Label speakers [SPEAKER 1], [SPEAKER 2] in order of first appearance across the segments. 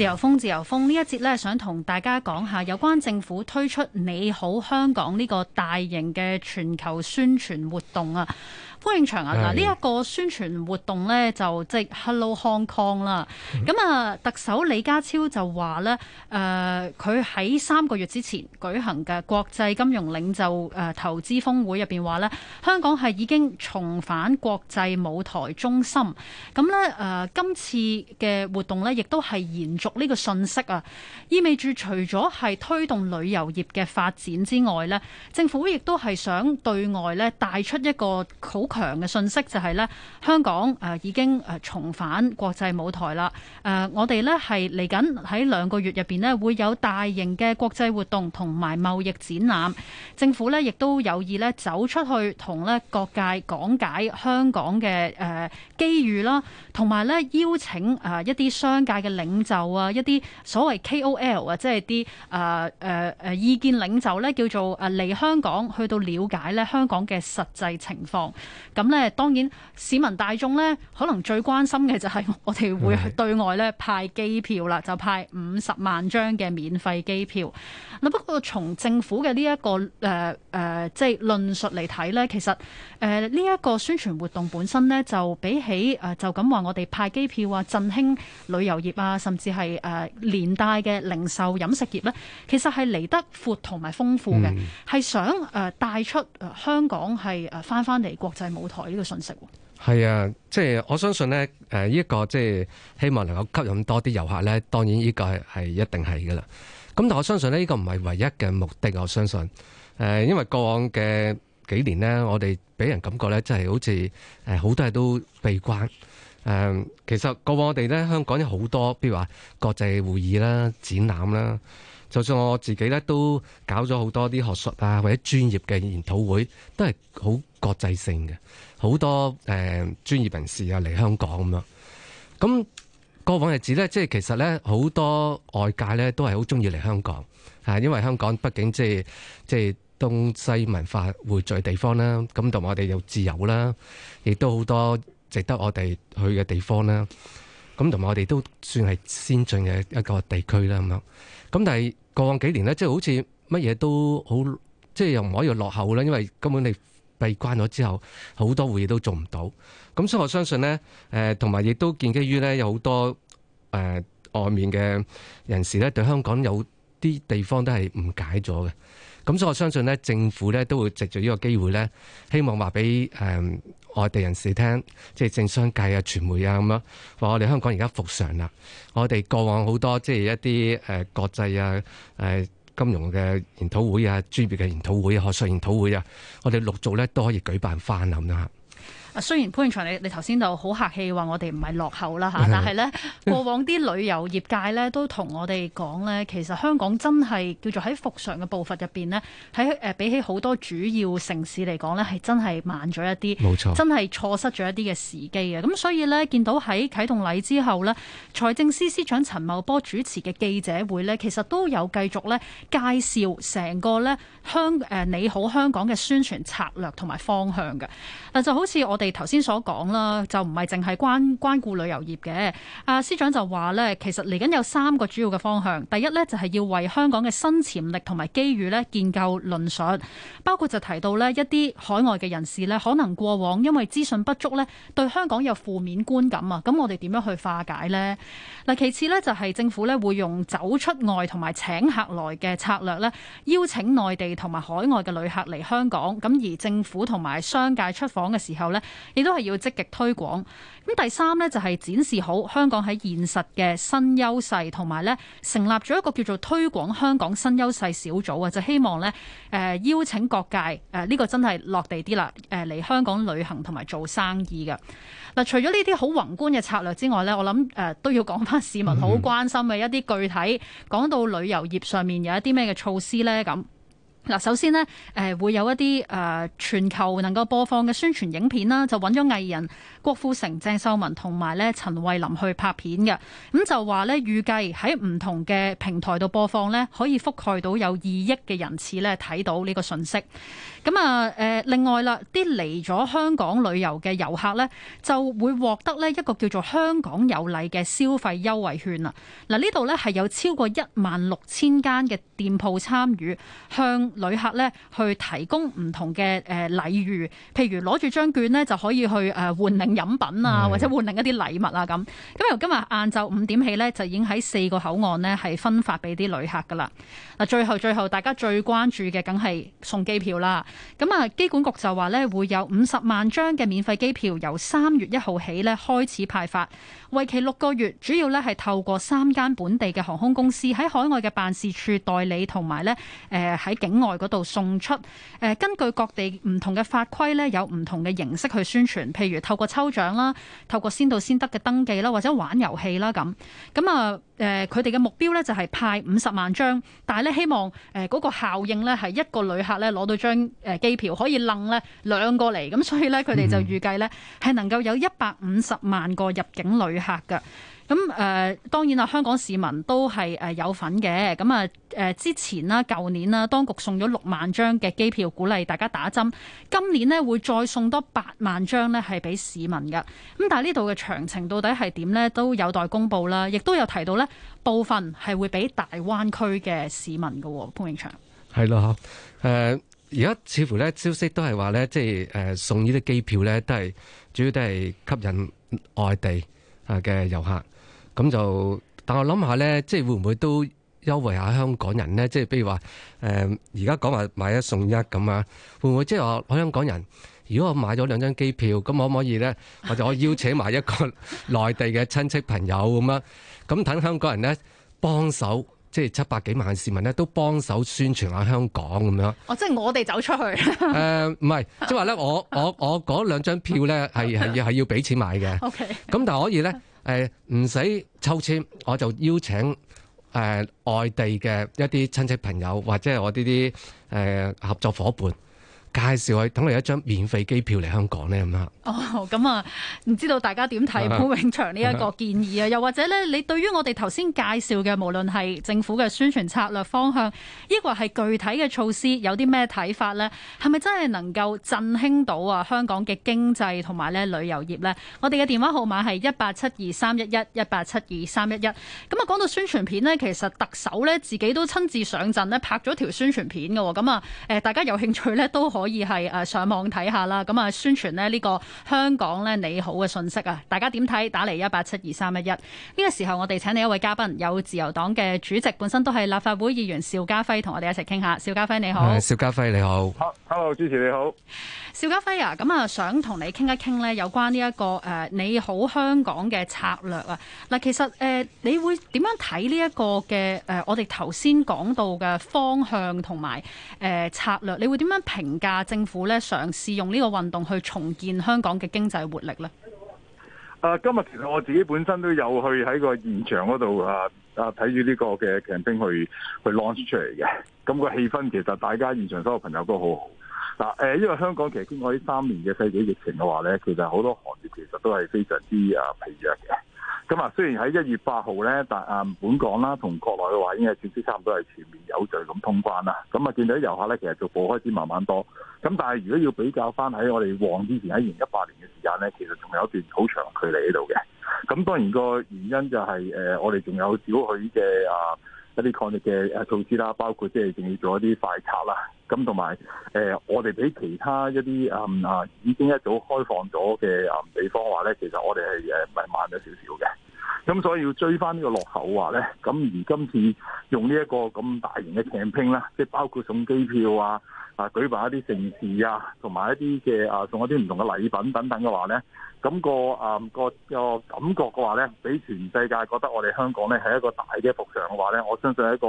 [SPEAKER 1] 自由風，自由風呢一節咧，想同大家講下有關政府推出《你好香港》呢個大型嘅全球宣傳活動啊。歡迎長啊！嗱是，呢一個宣傳活動呢，就即係 Hello Hong Kong 啦。咁啊，特首李家超就話呢，誒、呃，佢喺三個月之前舉行嘅國際金融領袖、呃、投資峰會入面話呢，香港係已經重返國際舞台中心。咁呢，誒、呃，今次嘅活動呢，亦都係延續呢個信息啊，意味住除咗係推動旅遊業嘅發展之外呢，政府亦都係想對外呢帶出一個好強嘅信息就係咧，香港誒已經誒重返國際舞台啦。誒，我哋咧係嚟緊喺兩個月入邊呢，會有大型嘅國際活動同埋貿易展覽。政府咧亦都有意咧走出去同咧各界講解香港嘅誒機遇啦，同埋咧邀請誒一啲商界嘅領袖啊，一啲所謂 KOL 啊，即係啲誒誒誒意見領袖咧，叫做誒嚟香港去到了解咧香港嘅實際情況。咁咧，當然市民大眾咧，可能最關心嘅就係我哋會對外咧派機票啦，就派五十萬張嘅免費機票。嗱，不過從政府嘅、這個呃呃、呢一個誒誒即係論述嚟睇咧，其實誒呢一個宣傳活動本身咧，就比起誒、呃、就咁話我哋派機票啊，振興旅遊業啊，甚至係誒、呃、連帶嘅零售飲食業咧，其實係嚟得闊同埋豐富嘅，係、嗯、想誒帶出香港係誒返返嚟國際
[SPEAKER 2] 舞台呢個信息喎，係啊，即係我相信呢，呢，呢個即係希望能夠吸引多啲遊客呢。當然呢個係一定係㗎喇。咁但我相信呢，呢、這個唔係唯一嘅目的。我相信，誒、呃、因為過往嘅幾年呢，我哋俾人感覺呢，即係好似誒好多嘢都被關。誒、呃、其實過往我哋呢，香港有好多，譬如話國際會議啦、展覽啦，就算我自己呢都搞咗好多啲學術啊或者專業嘅研討會，都係好。國際性嘅好多誒、呃、專業人士啊嚟香港咁樣，咁過往日子咧，即係其實咧好多外界咧都係好中意嚟香港嚇，因為香港畢竟即係即係東西文化匯聚地方啦，咁同我哋又自由啦，亦都好多值得我哋去嘅地方啦，咁同埋我哋都算係先進嘅一個地區啦，咁樣。咁但係過往幾年咧，即係好似乜嘢都好，即係又唔可以落後啦，因為根本你。閉關咗之後，好多會議都做唔到，咁所以我相信呢，誒同埋亦都建基於呢，有好多誒外面嘅人士呢，對香港有啲地方都係誤解咗嘅，咁所以我相信呢，政府呢，都會藉住呢個機會呢，希望話俾誒外地人士聽，即係政商界啊、傳媒啊咁樣，話我哋香港而家復常啦，我哋過往好多即係一啲誒國際啊誒。呃金融嘅研討會啊、專業嘅研討會啊、學術研討會啊，我哋陸續咧都可以舉辦翻咁樣吓。
[SPEAKER 1] 雖然潘永祥，你你頭先就好客氣話我哋唔係落後啦嚇，但係咧 過往啲旅遊業界咧都同我哋講咧，其實香港真係叫做喺服上嘅步伐入邊咧，喺、呃、比起好多主要城市嚟講咧，係真係慢咗一啲，冇錯真係錯失咗一啲嘅時機，咁所以咧，見到喺啟動禮之後咧，財政司司長陳茂波主持嘅記者會咧，其實都有繼續咧介紹成個咧香、呃、你好香港嘅宣傳策略同埋方向嘅。嗱、呃、就好似我哋。頭先所講啦，就唔係淨係關關顧旅遊業嘅。阿司長就話咧，其實嚟緊有三個主要嘅方向。第一咧，就係要為香港嘅新潛力同埋機遇咧建構論述，包括就提到咧一啲海外嘅人士咧，可能過往因為資訊不足咧，對香港有負面觀感啊。咁我哋點樣去化解呢？嗱，其次咧就係政府咧會用走出外同埋請客來嘅策略咧，邀請內地同埋海外嘅旅客嚟香港。咁而政府同埋商界出訪嘅時候咧。亦都係要積極推廣。咁第三呢，就係展示好香港喺現實嘅新優勢，同埋呢成立咗一個叫做推廣香港新優勢小組啊，就是、希望呢誒邀請各界誒呢、呢個真係落地啲啦誒嚟香港旅行同埋做生意嘅嗱。除咗呢啲好宏觀嘅策略之外呢，我諗誒都要講翻市民好關心嘅一啲具體。講到旅遊業上面有一啲咩嘅措施呢？咁。嗱，首先呢，誒會有一啲誒、呃、全球能夠播放嘅宣傳影片啦，就揾咗藝人，郭富城、鄭秀文同埋咧陳慧琳去拍片嘅，咁就話咧預計喺唔同嘅平台度播放咧，可以覆蓋到有二億嘅人次咧睇到呢個信息。咁啊，誒，另外啦，啲嚟咗香港旅遊嘅遊客咧，就會獲得咧一個叫做香港有禮嘅消費優惠券啊。嗱，呢度咧係有超過一萬六千間嘅店鋪參與，向旅客咧去提供唔同嘅誒禮遇，譬如攞住張券咧就可以去誒換領。飲品啊，或者換另一啲禮物啊，咁咁由今日晏晝五點起咧，就已經喺四個口岸咧係分發俾啲旅客噶啦。最後最後，大家最關注嘅梗係送機票啦。咁啊，機管局就話呢，會有五十萬張嘅免費機票，由三月一號起呢開始派發，為期六個月。主要呢係透過三間本地嘅航空公司喺海外嘅辦事處代理，同埋呢誒喺境外嗰度送出。誒，根據各地唔同嘅法規呢，有唔同嘅形式去宣傳，譬如透過抽獎啦，透過先到先得嘅登記啦，或者玩遊戲啦咁。咁啊誒，佢哋嘅目標呢就係派五十萬張，但係呢，希望誒嗰個效應咧，係一個旅客咧攞到張誒機票可以拎咧兩個嚟，咁所以咧佢哋就預計咧係能夠有一百五十萬個入境旅客㗎。咁誒、呃、當然啦，香港市民都係誒有份嘅。咁啊誒之前啦，舊年啦，當局送咗六萬張嘅機票，鼓勵大家打針。今年呢，會再送多八萬張呢，係俾市民嘅。咁但係呢度嘅詳情到底係點呢？都有待公布啦。亦都有提到呢部分係會俾大灣區嘅市民嘅。潘永祥。
[SPEAKER 2] 係咯，誒而家似乎呢，消息都係話呢，即係誒送呢啲機票呢，都係主要都係吸引外地啊嘅遊客。咁就，但我諗下咧，即係會唔會都優惠下香港人咧？即係譬如話，誒，而家講話買一送一咁啊，會唔會即係我香港人，如果我買咗兩張機票，咁可唔可以咧？我就我邀請埋一個內地嘅親戚朋友咁樣，咁等 香港人咧幫手，即係七百幾萬市民咧都幫手宣傳下香港咁樣。
[SPEAKER 1] 哦，即係我哋走出去。誒、 呃，
[SPEAKER 2] 唔係，即係話咧，我我我兩張票咧係係係要俾錢買嘅。O K。咁但係可以咧。誒唔使抽籤，我就邀請誒、呃、外地嘅一啲親戚朋友，或者我啲啲誒合作夥伴。介紹去等你一張免費機票嚟香港呢咁、
[SPEAKER 1] oh, 啊！哦，咁啊，唔知道大家點睇潘永祥呢一個建議啊？ 又或者呢？你對於我哋頭先介紹嘅，無論係政府嘅宣傳策略方向，抑或係具體嘅措施，有啲咩睇法呢？係咪真係能夠振興到啊香港嘅經濟同埋咧旅遊業呢？我哋嘅電話號碼係一八七二三一一一八七二三一一。咁啊，講到宣傳片呢，其實特首呢，自己都親自上陣呢，拍咗條宣傳片嘅喎。咁啊，誒，大家有興趣呢，都可以。可以係誒上網睇下啦，咁啊宣傳呢呢個香港咧你好嘅信息啊！大家點睇？打嚟，一八七二三一一呢個時候，我哋請嚟一位嘉賓，有自由黨嘅主席，本身都係立法會議員邵家輝，同我哋一齊傾下。邵家輝你好，
[SPEAKER 2] 邵家輝你好，Hello，
[SPEAKER 3] 主持你好。
[SPEAKER 1] Hello, 邵家輝啊，咁啊想同你傾一傾咧，有關呢一個誒你好香港嘅策略啊。嗱，其實誒，你會點樣睇呢一個嘅誒？我哋頭先講到嘅方向同埋誒策略，你會點樣評價政府咧嘗試用呢個運動去重建香港嘅經濟活力咧？
[SPEAKER 3] 誒，今日其實我自己本身都有去喺個現場嗰度啊啊，睇住呢個嘅 campaign 去去 launch 出嚟嘅。咁個氣氛其實大家現場所有朋友都好。嗱誒，因為香港其實經過呢三年嘅世紀疫情嘅話咧，其實好多行業其實都係非常之啊疲弱嘅。咁啊，雖然喺一月八號咧，但啊本港啦同國內嘅話已經係正式差唔多係全面有序咁通關啦。咁啊，見到啲遊客咧，其實逐步開始慢慢多。咁但係如果要比較翻喺我哋旺之前喺二零一八年嘅時間咧，其實仲有一段好長距離喺度嘅。咁當然個原因就係、是、誒、呃，我哋仲有少許嘅啊。一啲抗疫嘅措施啦，包括即係仲要做一啲快測啦，咁同埋誒我哋比其他一啲啊啊已經一早開放咗嘅啊，地方嘅話咧，其實我哋係誒唔係慢咗少少嘅。咁所以要追翻呢個落口話呢。咁而今次用呢一個咁大型嘅 campaign 啦，即係包括送機票啊、啊舉辦一啲盛事啊，同埋一啲嘅啊送一啲唔同嘅禮品等等嘅話呢，咁、那個啊個個感覺嘅話呢，俾全世界覺得我哋香港呢係一個大嘅服尚嘅話呢，我相信係一個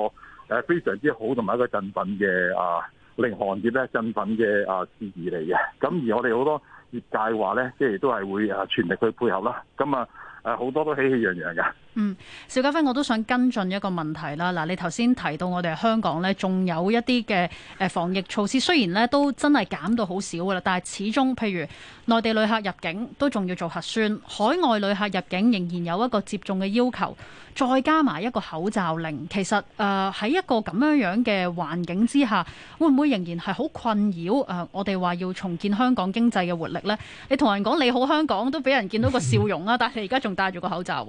[SPEAKER 3] 誒非常之好同埋一個振奮嘅啊令行業咧振奮嘅啊事宜嚟嘅。咁而我哋好多業界話呢，即係都係會全力去配合啦。咁啊～誒，好多都喜氣洋洋噶。
[SPEAKER 1] 嗯，邵家輝，我都想跟進一個問題啦。嗱，你頭先提到我哋香港呢，仲有一啲嘅誒防疫措施，雖然呢都真係減到好少噶啦，但係始終，譬如內地旅客入境都仲要做核酸，海外旅客入境仍然有一個接種嘅要求，再加埋一個口罩令。其實誒喺、呃、一個咁樣樣嘅環境之下，會唔會仍然係好困擾誒、呃？我哋話要重建香港經濟嘅活力呢？你同人講你好香港，都俾人見到個笑容啦，但係你而家仲戴住個口罩。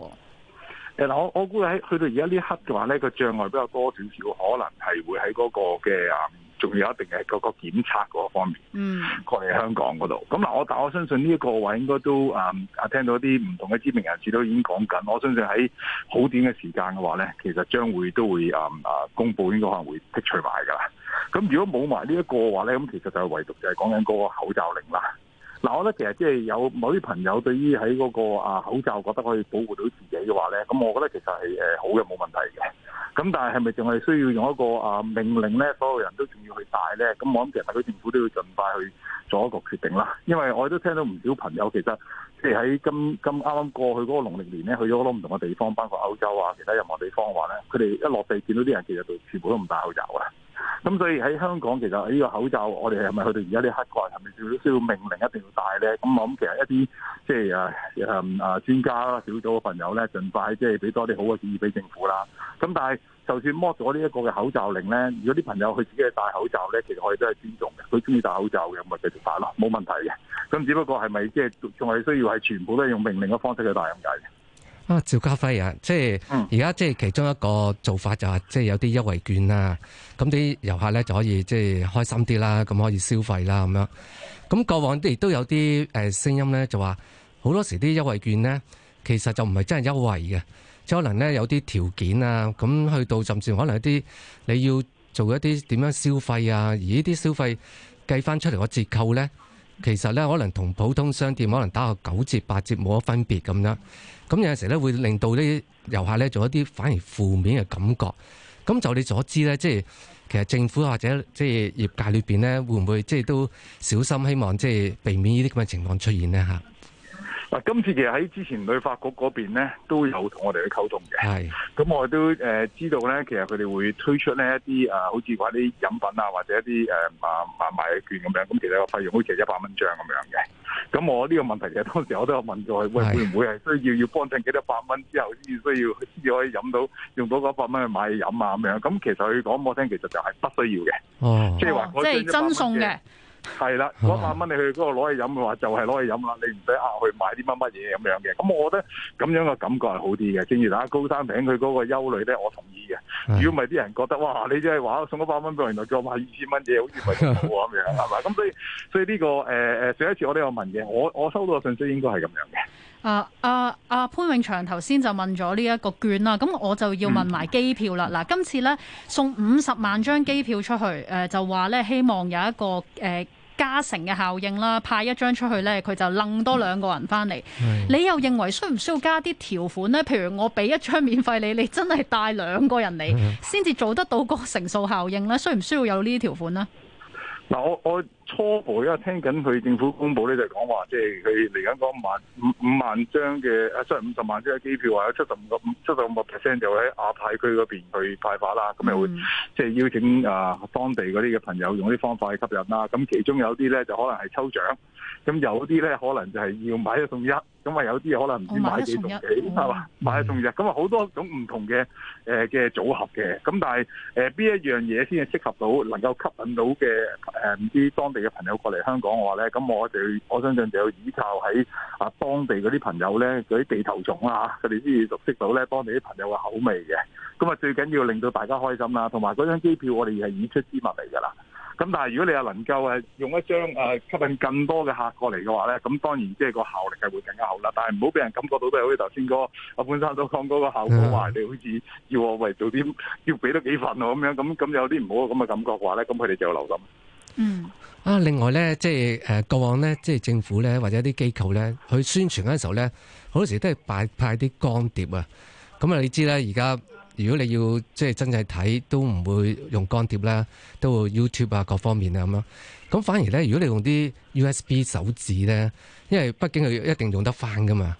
[SPEAKER 3] 誒，嗱，我我估喺去到而家呢一刻嘅話咧，個障礙比較多少少，可能係會喺嗰個嘅啊，仲有一定嘅嗰個檢測嗰個方面，嗯，過嚟香港嗰度。咁嗱，我但我相信呢一個話應該都啊啊、嗯，聽到啲唔同嘅知名人士都已經講緊。我相信喺好短嘅時間嘅話咧，其實將會都會啊啊、嗯、公布，應該可能會剔除埋噶啦。咁如果冇埋呢一個嘅話咧，咁其實就係唯獨就係講緊嗰個口罩令啦。嗱，我覺得其實即係有某啲朋友對於喺嗰個啊口罩覺得可以保護到自己嘅話咧，咁我覺得其實係誒好嘅冇問題嘅。咁但係係咪仲係需要用一個啊命令咧，所有人都仲要去戴咧？咁我諗其實佢政府都要盡快去做一個決定啦。因為我都聽到唔少朋友其實即係喺今今啱啱過去嗰個農曆年咧，去咗好多唔同嘅地方，包括歐洲啊、其他任何地方嘅話咧，佢哋一落地見到啲人其實就全部都唔戴口罩啊！咁所以喺香港，其實呢個口罩，我哋係咪去到而家啲黑怪係咪需要命令一定要戴咧？咁我諗其實一啲即係啊啊專家小組嘅朋友咧，儘快即係俾多啲好嘅建議俾政府啦。咁但係就算剝咗呢一個嘅口罩令咧，如果啲朋友佢自己係戴口罩咧，其實我哋都係尊重嘅。佢中意戴口罩嘅，咪繼續戴咯，冇問題嘅。咁只不過係咪即係仲係需要係全部都係用命令嘅方式去戴咁解
[SPEAKER 2] 嘅？啊，邵家輝啊，即係而家即係其中一個做法就係、是、即係有啲優惠券啊。咁啲遊客咧就可以即係開心啲啦，咁可以消費啦咁樣。咁過往啲亦都有啲誒聲音咧，就話好多時啲優惠券咧，其實就唔係真係優惠嘅，即可能咧有啲條件啊，咁去到甚至可能一啲你要做一啲點樣消費啊，而呢啲消費計翻出嚟個折扣咧，其實咧可能同普通商店可能打個九折八折冇乜分別咁樣。咁有陣時咧會令到呢啲遊客咧做一啲反而負面嘅感覺。咁就你所知呢，即係其實政府或者即係業界裏邊呢，會唔會即係都小心，希望即係避免呢啲咁嘅情況出現呢？
[SPEAKER 3] 嗱，今次其實喺之前旅發局嗰邊咧都有同我哋去溝通嘅，係是，咁我都誒、呃、知道咧，其實佢哋會推出呢一啲啊、呃，好似話啲飲品啊，或者一啲誒啊啊買,買券咁樣，咁其實個費用好似係一百蚊張咁樣嘅。咁我呢個問題其實當時我都有問咗佢：「喂會唔會係需要要幫襯幾多百蚊之後先至需要先至可以飲到用到嗰百蚊去買嘢飲啊咁樣？咁其實佢講我聽其實就係不需要嘅、哦哦，即係話即係贈送嘅。係啦，嗰百蚊你去嗰度攞去飲，嘅話就係、是、攞去飲啦，你唔使吓去買啲乜乜嘢咁樣嘅。咁我覺得咁樣嘅感覺係好啲嘅。正如啦，高山頂佢嗰個憂慮咧，我同意嘅。如果唔係啲人覺得哇，你真係話送一百蚊俾我，原來叫我買二千蚊嘢，好似唔係咁好啊咁樣，係嘛？ 咁所以所以呢、這個誒誒、呃，上一次我都有問嘅，我我收到嘅信息應該係咁樣嘅。
[SPEAKER 1] 啊啊啊！Uh, uh, uh, 潘永祥頭先就問咗呢一個券啦，咁我就要問埋機票啦。嗱、嗯，今次呢，送五十萬張機票出去，誒、uh, 就話呢，希望有一個誒、uh, 加成嘅效應啦，派一張出去呢，佢就掕多兩個人翻嚟。嗯、你又認為需唔需要加啲條款呢？譬如我俾一張免費你，你真係帶兩個人嚟先至做得到個乘數效應呢？需唔需要有呢啲條款呢？
[SPEAKER 3] 嗱，我我。初步，而家聽緊佢政府公佈咧，就係講話，即係佢嚟緊嗰萬五五萬張嘅，即係五十萬張嘅機票，有七十五個，七十五個 percent 就喺亞太區嗰邊去派發啦。咁咪會即係邀請啊當地嗰啲嘅朋友用啲方法去吸引啦。咁其中有啲咧就可能係抽獎，咁有啲咧可能就係要買一送一，咁啊有啲可能唔知買幾送幾，係嘛？買一送一。咁啊好多種唔同嘅誒嘅組合嘅。咁但係誒邊一樣嘢先係適合到能夠吸引到嘅誒唔知當地嘅朋友過嚟香港嘅話咧，咁我哋我相信就要依靠喺啊當地嗰啲朋友咧，嗰啲地頭蟲啊，佢哋先至熟悉到咧當地啲朋友嘅口味嘅。咁啊，最緊要令到大家開心啦，同埋嗰張機票我哋係以出資物嚟噶啦。咁但係如果你又能夠誒用一張誒吸引更多嘅客過嚟嘅話咧，咁當然即係個效力係會更加好啦。但係唔好俾人感覺到，即係好似頭先嗰個阿潘生所講嗰個效果話，你好似要我為做啲要俾多幾份喎咁樣，咁咁有啲唔好咁嘅感覺嘅話咧，咁佢哋就有流感。嗯。
[SPEAKER 2] 啊！另外咧，即係誒、呃、過往咧，即係政府咧，或者啲機構咧，去宣傳嗰陣時候咧，好多時候都係擺派啲光碟啊。咁、嗯、啊，你知啦，而家如果你要即係真正睇，都唔會用光碟啦，都會 YouTube 啊各方面啊咁咁、嗯、反而咧，如果你用啲 USB 手指咧，因為畢竟佢一定用得翻噶嘛。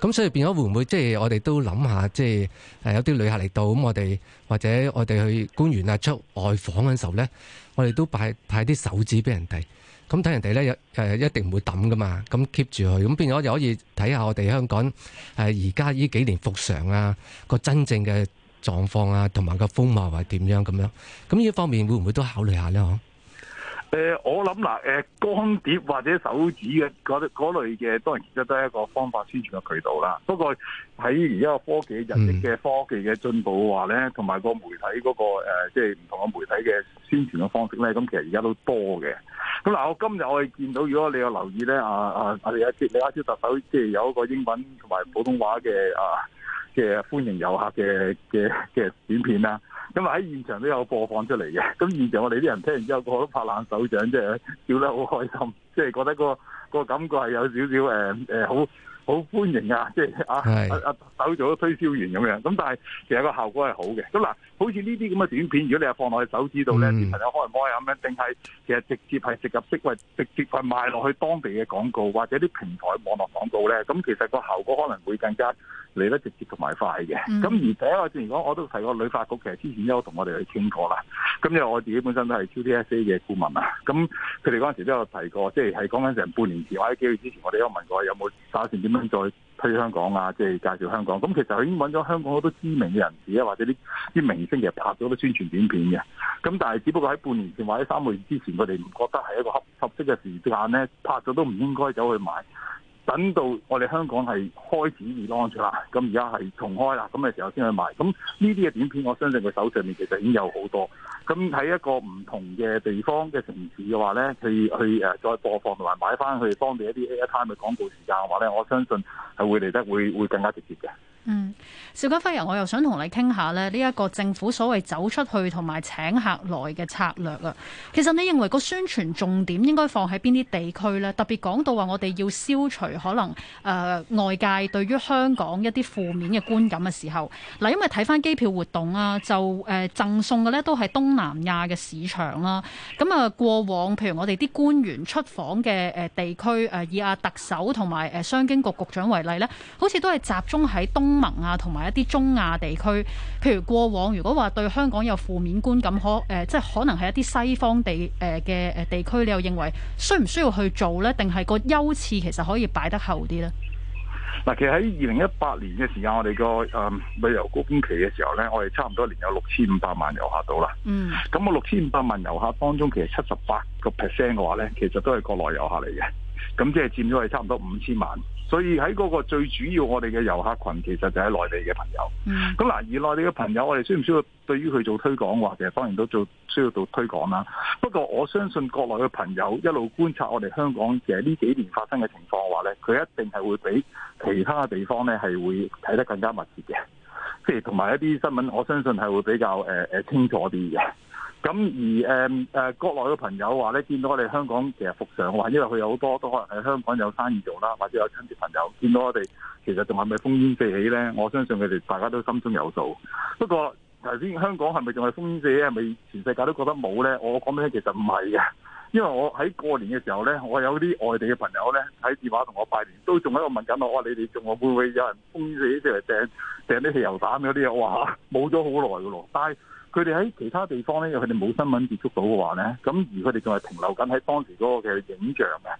[SPEAKER 2] 咁所以變咗會唔會即係我哋都諗下，即係誒有啲旅客嚟到咁，我哋或者我哋去官員啊出外訪嘅時候咧，我哋都派派啲手指俾人哋，咁睇人哋咧誒一定唔會抌噶嘛，咁 keep 住佢咁變咗就可以睇下我哋香港誒而家呢幾年復常啊個真正嘅狀況啊，同埋個風貌係點樣咁樣？咁呢一方面會唔會都考慮下咧？嗬？
[SPEAKER 3] 誒、呃，我諗嗱，誒、呃，光碟或者手指嘅嗰嗰類嘅，當然其實都係一個方法宣傳嘅渠道啦。不過喺而家個科技人的、人力嘅科技嘅進步嘅話咧，同埋個媒體嗰、那個誒，即係唔同嘅媒體嘅宣傳嘅方式咧，咁其實而家都多嘅。咁嗱，呃、今天我今日我哋見到，如果你有留意咧，阿阿阿李家超、李、啊、家超特首，即、就、係、是、有一個英文同埋普通話嘅啊。嘅歡迎遊客嘅嘅嘅短片啦，因為喺現場都有播放出嚟嘅，咁現場我哋啲人聽完之後，個個都拍爛手掌，即係笑得好開心，即係覺得個個感覺係有少少誒誒，好好歡迎啊！即係啊啊，當做咗推銷員咁樣，咁但係其實個效果係好嘅，咁嗱。好似呢啲咁嘅短片，如果你係放落去手指度咧，視頻有開唔開咁樣？定係其實直接係植入式，或直接係賣落去當地嘅廣告，或者啲平台網絡廣告咧？咁其實個效果可能會更加嚟得直接同埋快嘅。咁、嗯、而且我之前講，我都提過旅發局，其實之前都有同我哋去傾過啦。咁因為我自己本身都係 QTSA 嘅顧問啊，咁佢哋嗰陣時都有提過，即係係講緊成半年前或者幾月之前，我哋都問過有冇打算點樣再推香港啊，即係介紹香港。咁其實佢已經揾咗香港好多知名嘅人士啊，或者啲啲名。星期日拍咗啲宣傳短片嘅，咁但係只不過喺半年前或者三個月之前，佢哋唔覺得係一個合合適嘅時間咧，拍咗都唔應該走去買，等到我哋香港係開始變安全啦，咁而家係重開啦，咁嘅時候先去買，咁呢啲嘅短片，我相信佢手上面其實已經有好多。咁喺一個唔同嘅地方嘅城市嘅話咧，去去誒再播放同埋買翻去方便一啲 Airtime 嘅廣告時間嘅話咧，我相信係會嚟得會會更加直接嘅。
[SPEAKER 1] 嗯，邵家輝啊，我又想同你傾下咧呢一個政府所謂走出去同埋請客來嘅策略啊。其實你認為個宣傳重點應該放喺邊啲地區咧？特別講到話，我哋要消除可能誒、呃、外界對於香港一啲負面嘅觀感嘅時候，嗱，因為睇翻機票活動啊，就誒贈、呃、送嘅咧都係東南亞嘅市場啦、啊。咁、呃、啊，過往譬如我哋啲官員出訪嘅誒地區誒、呃，以阿特首同埋誒商經局局長為例咧，好似都係集中喺東。盟啊，同埋一啲中亞地區，譬如過往如果話對香港有負面觀感，可誒，即係可能係一啲西方地誒嘅誒地區，你又認為需唔需要去做呢？定係個優次其實可以擺得後啲呢？
[SPEAKER 3] 嗱，其實喺二零一八年嘅時間，我哋個誒旅遊高峯期嘅時候呢，我哋差唔多年有六千五百萬遊客到啦。嗯，咁我六千五百萬遊客當中，其實七十八個 percent 嘅話呢，其實都係國內遊客嚟嘅。咁即係佔咗係差唔多五千萬，所以喺嗰個最主要我哋嘅遊客群其實就係內地嘅朋友。咁嗱，而內地嘅朋友，我哋需唔需要對於佢做推廣嘅話？其實當然都做需要做推廣啦。不過我相信國內嘅朋友一路觀察我哋香港其實呢幾年發生嘅情況嘅話咧，佢一定係會比其他地方咧係會睇得更加密切嘅，即係同埋一啲新聞，我相信係會比較誒誒清楚啲嘅。咁而誒誒、嗯呃、國內嘅朋友話咧，見到我哋香港其實復常，話因為佢有好多都可能喺香港有生意做啦，或者有親戚朋友見到我哋，其實仲係咪烽煙四起咧？我相信佢哋大家都心中有數。不過頭先香港係咪仲係烽煙四起？係咪全世界都覺得冇咧？我講俾你聽，其實唔係嘅，因為我喺過年嘅時候咧，我有啲外地嘅朋友咧，喺電話同我拜年，都仲喺度問緊我，話你哋仲會唔會有人烽煙四起，即係掟掟啲汽油彈嗰啲啊？哇！冇咗好耐㗎咯，但佢哋喺其他地方咧，又佢哋冇新聞接觸到嘅話咧，咁而佢哋仲係停留緊喺當時嗰個嘅影像嘅，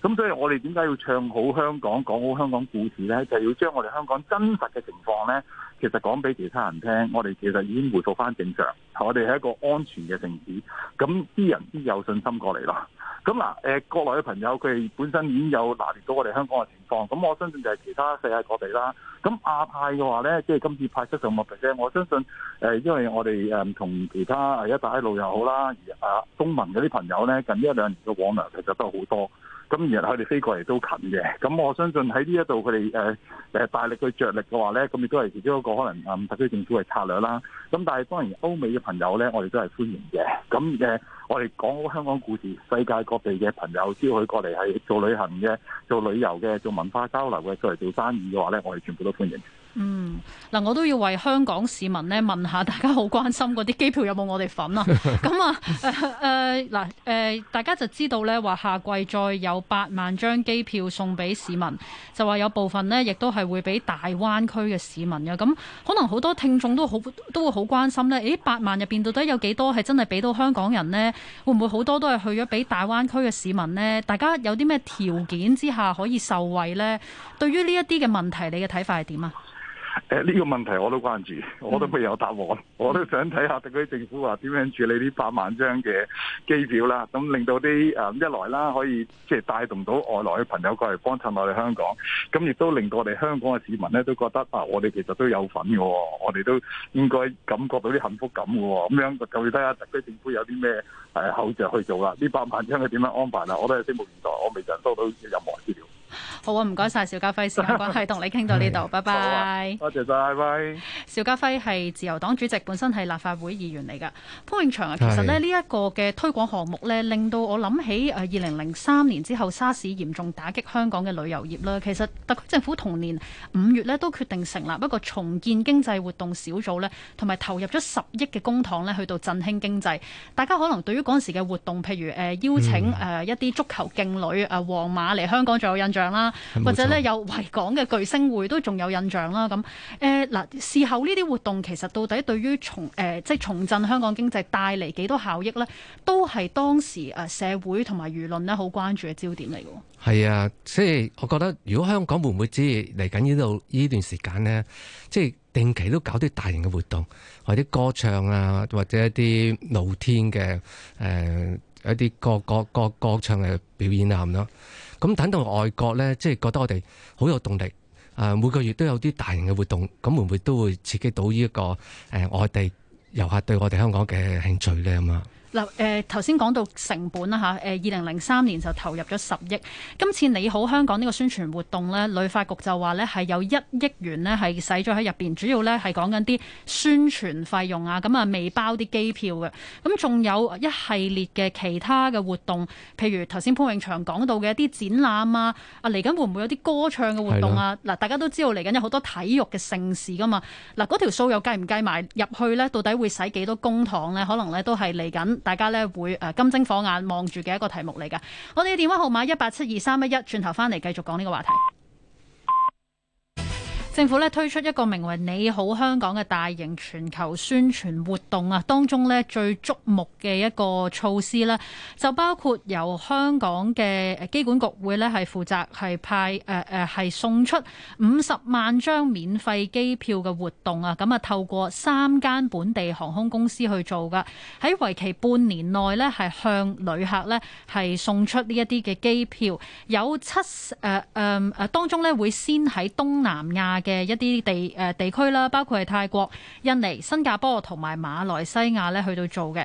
[SPEAKER 3] 咁所以我哋點解要唱好香港、講好香港故事咧？就係要將我哋香港真實嘅情況咧。其實講俾其他人聽，我哋其實已經回復翻正常，我哋係一個安全嘅城市，咁啲人先有信心過嚟咯。咁嗱，誒，國內嘅朋友佢哋本身已經有拿捏到我哋香港嘅情況，咁我相信就係其他世界各地啦。咁亞派嘅話呢，即係今次派出上目嘅啫。我相信，誒，因為我哋誒同其他一帶一路又好啦，而啊東盟嗰啲朋友呢，近呢一兩年嘅往來其實都好多。咁然後佢哋飛過嚟都近嘅，咁我相信喺呢一度佢哋誒誒大力去着力嘅話咧，咁亦都係其中一個可能啊，特區政府嘅策略啦。咁但係當然歐美嘅朋友咧，我哋都係歡迎嘅。咁誒，我哋講好香港故事，世界各地嘅朋友只要佢過嚟係做旅行嘅、做旅遊嘅、做文化交流嘅、出嚟做生意嘅話咧，我哋全部都歡迎。
[SPEAKER 1] 嗯，嗱，我都要為香港市民咧問下，大家好關心嗰啲機票有冇我哋份啊？咁啊，嗱，大家就知道咧，話夏季再有八萬張機票送俾市民，就話有部分呢亦都係會俾大灣區嘅市民嘅。咁可能好多聽眾都好都會好關心咧，誒八萬入面到底有幾多係真係俾到香港人呢？會唔會好多都係去咗俾大灣區嘅市民呢？大家有啲咩條件之下可以受惠呢？對於呢一啲嘅問題，你嘅睇法係點啊？
[SPEAKER 3] 誒，呢個問題我都關注，我都未有答案，嗯、我都想睇下特區政府話點樣處理呢八萬張嘅機票啦，咁令到啲誒一來啦，可以即係帶動到外來嘅朋友過嚟幫襯我哋香港，咁亦都令到我哋香港嘅市民咧都覺得啊，我哋其實都有份嘅，我哋都應該感覺到啲幸福感嘅，咁樣就要睇下特區政府有啲咩誒後著去做啦，呢八萬張係點樣安排啦，我都係拭目以待，我未就收到任何資料。
[SPEAKER 1] 好啊，唔該晒。邵家輝，時間關係，同你傾到呢度，拜拜、啊。多
[SPEAKER 3] 謝晒。拜拜。
[SPEAKER 1] 邵家輝係自由黨主席，本身係立法會議員嚟㗎。潘永祥啊，其實呢呢一個嘅推廣項目呢，令到我諗起誒二零零三年之後沙士嚴重打擊香港嘅旅遊業啦。其實特區政府同年五月呢都決定成立一個重建經濟活動小組呢，同埋投入咗十億嘅公帑呢去到振興經濟。大家可能對於嗰陣時嘅活動，譬如誒邀請誒一啲足球勁旅誒皇馬嚟香港，仲有印象啦。或者咧有維港嘅巨星匯都仲有印象啦。咁誒，嗱事後呢啲活動其實到底對於重誒即係重振香港經濟帶嚟幾多效益咧，都係當時誒社會同埋輿論咧好關注嘅焦點嚟嘅。
[SPEAKER 2] 係啊，即係我覺得如果香港會唔會即係嚟緊呢度呢段時間呢？即係定期都搞啲大型嘅活動，或者歌唱啊，或者一啲露天嘅誒、呃、一啲歌歌歌歌唱嘅表演啊咁咯。咁等到外國呢，即係覺得我哋好有動力，每個月都有啲大型嘅活動，咁會唔會都會刺激到呢一個誒外地遊客對我哋香港嘅興趣呢？咁啊？
[SPEAKER 1] 嗱，誒，頭先講到成本啦，嚇，誒二零零三年就投入咗十億，今次你好香港呢個宣傳活動呢，旅發局就話呢係有一億元呢係使咗喺入邊，主要呢係講緊啲宣傳費用啊，咁啊未包啲機票嘅，咁仲有一系列嘅其他嘅活動，譬如頭先潘永祥講到嘅一啲展覽啊，啊嚟緊會唔會有啲歌唱嘅活動啊？嗱，的，大家都知道嚟緊有好多體育嘅盛事㗎嘛，嗱，嗰條數又計唔計埋入去呢？到底會使幾多公帑呢？可能呢都係嚟緊。大家咧會誒金睛火眼望住嘅一個題目嚟㗎，我哋嘅電話號碼一八七二三一一，轉頭返嚟繼續講呢個話題。政府咧推出一個名為你好香港嘅大型全球宣傳活動啊，當中咧最矚目嘅一個措施咧，就包括由香港嘅誒機管局會咧係負責係派誒誒係送出五十萬張免費機票嘅活動啊。咁啊透過三間本地航空公司去做嘅，喺為期半年內咧係向旅客咧係送出呢一啲嘅機票，有七誒誒誒當中咧會先喺東南亞。嘅一啲地誒、呃、地區啦，包括係泰國、印尼、新加坡同埋馬來西亞咧，去到做嘅。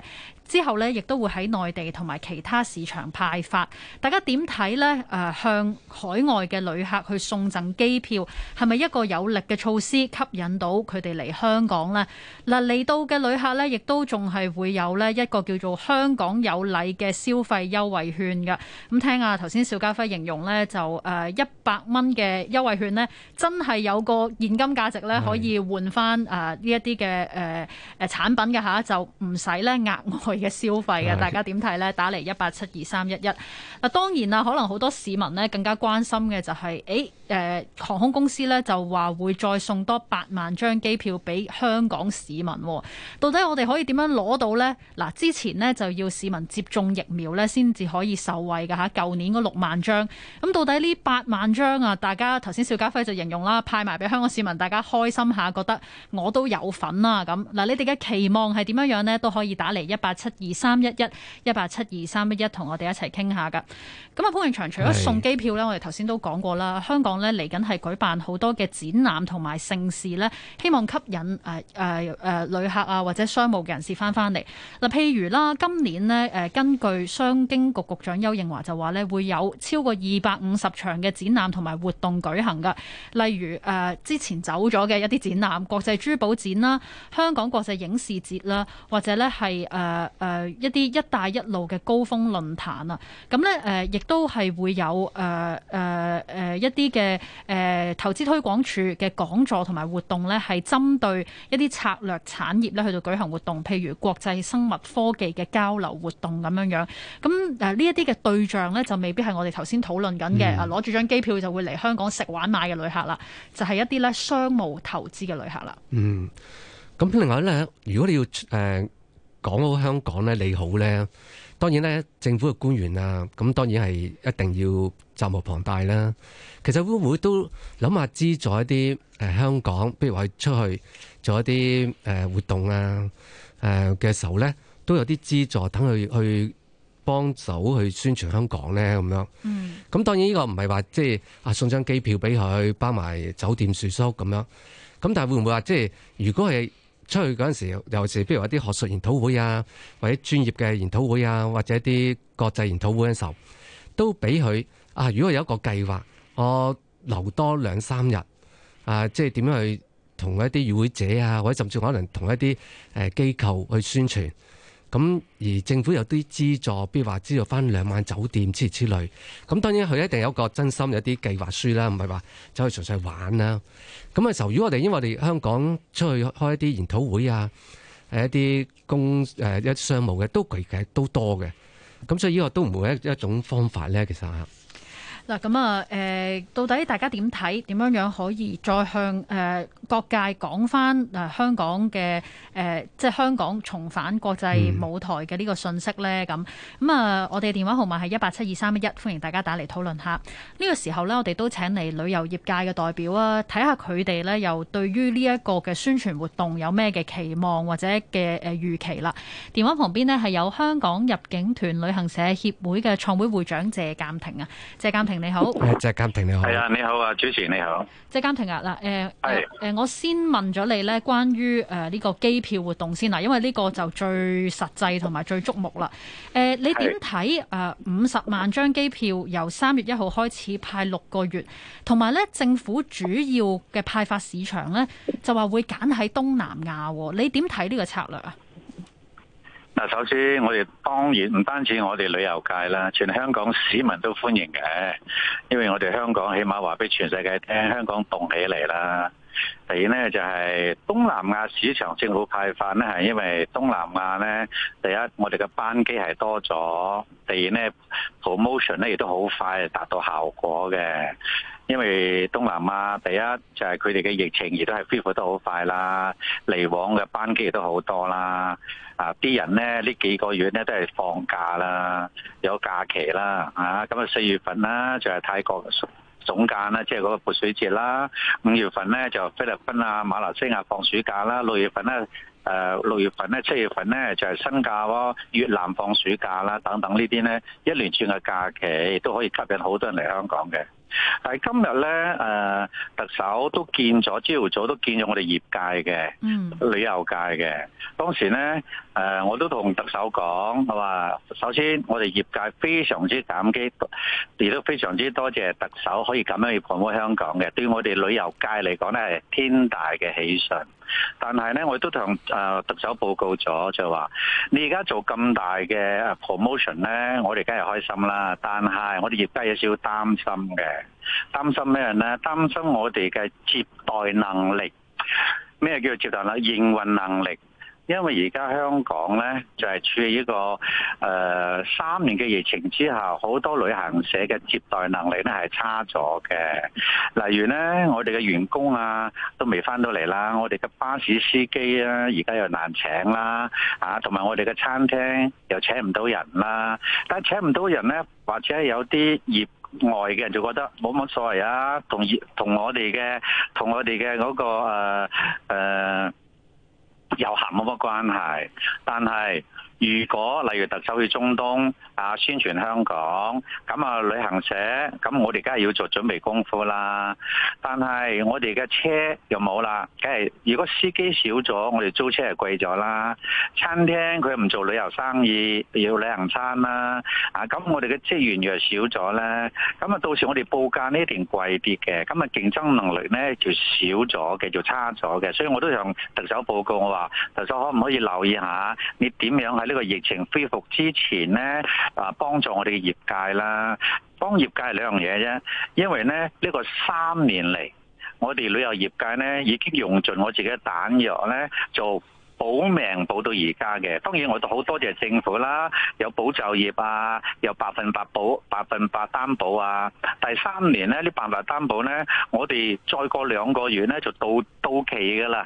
[SPEAKER 1] 之後呢，亦都會喺內地同埋其他市場派發。大家點睇呢？呃，向海外嘅旅客去送贈機票，係咪一個有力嘅措施吸引到佢哋嚟香港呢？嗱，嚟到嘅旅客呢，亦都仲係會有呢一個叫做香港有禮嘅消費優惠券嘅。咁、嗯、聽啊，頭先邵家輝形容呢，就一百蚊嘅優惠券呢，真係有個現金價值呢，可以換翻呢一啲嘅誒產品嘅下就唔使呢額外。嘅消費嘅，大家點睇呢？打嚟一八七二三一一。嗱，當然啦，可能好多市民呢更加關心嘅就係、是，誒、欸，誒、呃、航空公司呢，就話會再送多八萬張機票俾香港市民。到底我哋可以點樣攞到呢？嗱，之前呢就要市民接種疫苗呢，先至可以受惠㗎吓。舊年嗰六萬張，咁到底呢八萬張啊？大家頭先邵家輝就形容啦，派埋俾香港市民，大家開心下，覺得我都有份啦、啊。咁嗱，你哋嘅期望係點樣樣呢？都可以打嚟一八七。二三一一一八七二三一一同我哋一齊傾下噶。咁啊，潘永祥，除咗送機票咧，的我哋頭先都講過啦。香港咧嚟緊係舉辦好多嘅展覽同埋盛事咧，希望吸引誒誒誒旅客啊或者商務嘅人士返返嚟。嗱、呃，譬如啦，今年呢，誒、呃，根據商經局局長丘應樺就話咧，會有超過二百五十場嘅展覽同埋活動舉行噶。例如誒、呃，之前走咗嘅一啲展覽，國際珠寶展啦，香港國際影視節啦，或者咧係誒。呃誒、呃、一啲「一帶一路」嘅高峰論壇啊，咁咧誒，亦、呃、都係會有誒誒誒一啲嘅誒投資推廣署嘅講座同埋活動咧，係針對一啲策略產業咧去到舉行活動，譬如國際生物科技嘅交流活動咁樣樣。咁誒呢一啲嘅對象咧，就未必係我哋頭先討論緊嘅，攞住張機票就會嚟香港食玩買嘅旅客啦，就係一啲咧商務投資嘅旅客啦。
[SPEAKER 2] 嗯，咁、嗯、另外咧，如果你要誒。呃講好香港咧，你好咧，當然咧，政府嘅官員啊，咁當然係一定要責無旁貸啦。其實會唔會都諗下資助一啲誒、呃、香港，譬如話出去做一啲誒、呃、活動啊誒嘅、呃、時候咧，都有啲資助等佢去，去幫手去宣傳香港咧咁樣。嗯。咁當然呢個唔係話即係啊送張機票俾佢，包埋酒店住宿咁樣。咁但係會唔會話即係如果係出去嗰陣時，尤其是譬如一啲學術研討會啊，或者專業嘅研討會啊，或者一啲國際研討會嘅時候，都俾佢啊，如果有一個計劃，我留多兩三日啊，即係點樣去同一啲與會者啊，或者甚至可能同一啲誒機構去宣傳。咁而政府有啲資助，比如話資助翻兩晚酒店之類之類。咁當然佢一定有一個真心，有啲計劃書啦，唔係話走去純粹玩啦。咁嘅時候，如果我哋因為我哋香港出去開一啲研討會啊，一啲公一一商務嘅都具，其實都多嘅。咁所以呢個都唔會一一種方法咧，其實、啊
[SPEAKER 1] 嗱咁啊，誒、呃、到底大家點睇？點樣樣可以再向誒、呃、各界講翻誒香港嘅誒、呃、即係香港重返國際舞台嘅呢個信息咧？咁咁啊，我哋電話號碼係一八七二三一一，歡迎大家打嚟討論下。呢、這個時候咧，我哋都請嚟旅遊業界嘅代表啊，睇下佢哋咧又對於呢一個嘅宣傳活動有咩嘅期望或者嘅誒預期啦。電話旁邊咧係有香港入境團旅行社協會嘅創會會長謝淦廷啊，謝淦廷。你好，
[SPEAKER 4] 謝淦廷你好。係啊，你好啊，主持人你好，
[SPEAKER 1] 謝淦廷啊。嗱，誒誒、呃，我先問咗你咧，關於誒呢個機票活動先，因為呢個就最實際同埋最矚目啦。誒、呃，你點睇誒五十萬張機票由三月一號開始派六個月，同埋咧政府主要嘅派發市場咧就話會揀喺東南亞，你點睇呢個策略啊？
[SPEAKER 4] 嗱，首先我哋當然唔單止我哋旅遊界啦，全香港市民都歡迎嘅，因為我哋香港起碼話俾全世界聽，香港動起嚟啦。第二咧就係東南亞市場，政府派發咧係因為東南亞咧，第一我哋嘅班機係多咗，第二咧 promotion 咧亦都好快達到效果嘅。因為東南亞第一就係佢哋嘅疫情亦都係恢復得好快啦，嚟往，嘅班機亦都好多啦。啊，啲人咧呢這幾個月咧都係放假啦，有假期啦。啊，咁啊四月份啦就係泰國總假啦，即係嗰個潑水節啦。五月份咧就菲律賓啊、馬來西亞放暑假啦。六月份咧，誒、呃、六月份咧、七月份咧就係、是、新假喎、哦，越南放暑假啦，等等這些呢啲咧一連串嘅假期都可以吸引好多人嚟香港嘅。但今日咧，誒特首都見咗，朝早都見咗我哋業界嘅，嗯、旅遊界嘅。當時咧，誒我都同特首講，係嘛，首先，我哋業界非常之感激，亦都非常之多謝特首可以咁樣去保護香港嘅。對我哋旅遊界嚟講咧，係天大嘅喜訊。但係咧，我亦都同誒特首報告咗，就話、是、你而家做咁大嘅 promotion 咧，我哋梗係開心啦。但係我哋業界有少少擔心嘅，擔心咩咧？擔心我哋嘅接待能力，咩叫接待能力？營運能力。因為而家香港呢，就係、是、處於一個誒、呃、三年嘅疫情之下，好多旅行社嘅接待能力呢係差咗嘅。例如呢，我哋嘅員工啊都未翻到嚟啦，我哋嘅巴士司機啊而家又難請啦，啊，同埋我哋嘅餐廳又請唔到人啦。但請唔到人呢，或者有啲業外嘅人就覺得冇乜所謂啊，同業同我哋嘅同我哋嘅嗰個誒、呃呃有，有什冇乜關係，但係。如果例如特首去中東啊，宣傳香港，咁啊，旅行社，咁我哋梗係要做準備功夫啦。但係我哋嘅車又冇啦，梗係如果司機少咗，我哋租車係貴咗啦。餐廳佢又唔做旅遊生意，要旅行餐啦。啊，咁我哋嘅資源又少咗咧，咁啊，到時我哋報價呢一定貴啲嘅，咁啊，競爭能力咧就少咗，嘅就差咗嘅。所以我都向特首報告我，我話特首可唔可以留意一下，你點樣喺？呢個疫情恢復之前咧，啊幫助我哋嘅業界啦，幫業界係兩樣嘢啫。因為咧，呢個三年嚟，我哋旅遊業界咧已經用盡我自己嘅彈藥咧，就保命保到而家嘅。當然，我都好多謝政府啦，有保就業啊，有百分百保、百分百擔保啊。第三年咧，呢啲百分百擔保咧，我哋再過兩個月咧就到到期㗎啦。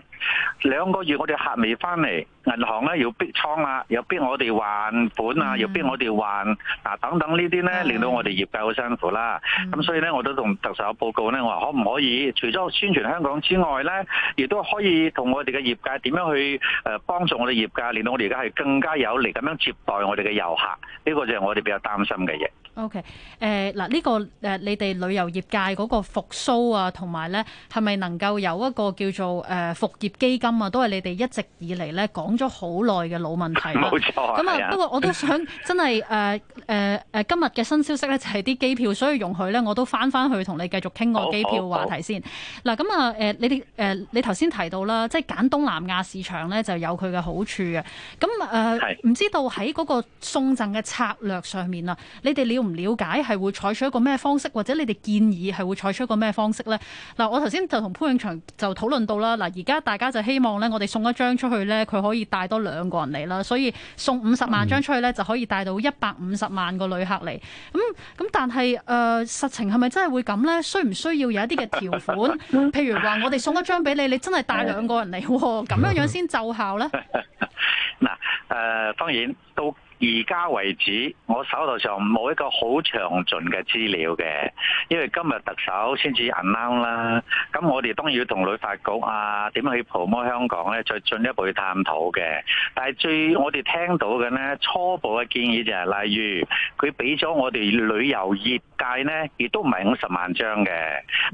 [SPEAKER 4] 兩個月我哋客未翻嚟，銀行咧要逼倉呀，又逼我哋還款啊，又逼我哋還等等呢啲咧，令到我哋業界好辛苦啦。咁、嗯、所以咧，我都同特首報告咧，我話可唔可以除咗宣傳香港之外咧，亦都可以同我哋嘅業界點樣去誒、呃、幫助我哋業界，令到我哋而家係更加有力咁樣接待我哋嘅遊客。呢、呢個就係我哋比較擔心嘅嘢。
[SPEAKER 1] O.K. 誒嗱呢個誒、呃、你哋旅遊業界嗰個復甦啊，同埋咧係咪能夠有一個叫做誒、呃、復業基金啊？都係你哋一直以嚟咧講咗好耐嘅老問題啦。冇錯，咁啊不過我都想真係誒誒誒今日嘅新消息咧就係、是、啲機票，所以容許咧我都返返去同你繼續傾我機票話題先。嗱咁啊誒你哋誒、呃、你頭先提到啦，即係揀東南亞市場咧就有佢嘅好處嘅。咁誒唔知道喺嗰個送贈嘅策略上面啊，你哋了？唔了解係會採取一個咩方式，或者你哋建議係會採取一個咩方式呢？嗱，我頭先就同潘永祥就討論到啦。嗱，而家大家就希望咧，我哋送一張出去咧，佢可以帶多兩個人嚟啦。所以送五十萬張出去咧，就可以帶到一百五十萬個旅客嚟。咁咁，但係誒、呃，實情係咪真係會咁呢？需唔需要有一啲嘅條款、 嗯？譬如話我哋送一張俾你，你真係帶兩個人嚟咁樣樣先奏效呢？
[SPEAKER 4] 嗱，誒，當然都。都而家為止，我手頭上冇一個好詳盡嘅資料嘅，因為今日特首先至 announce 啦。咁我哋當然要同旅發局啊，點去 promote 香港咧，再進一步去探討嘅。但係最我哋聽到嘅咧，初步嘅建議就係、是、例如，佢俾咗我哋旅遊業界咧，亦都唔係五十萬張嘅，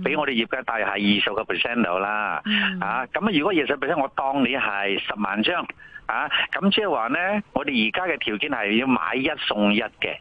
[SPEAKER 4] 俾我哋業界大約，大係係二十個 percent 度啦。嗯、啊，咁啊，如果二十 percent，我當你係十萬張。啊，咁即係話呢，我哋而家嘅條件係要買一送一嘅。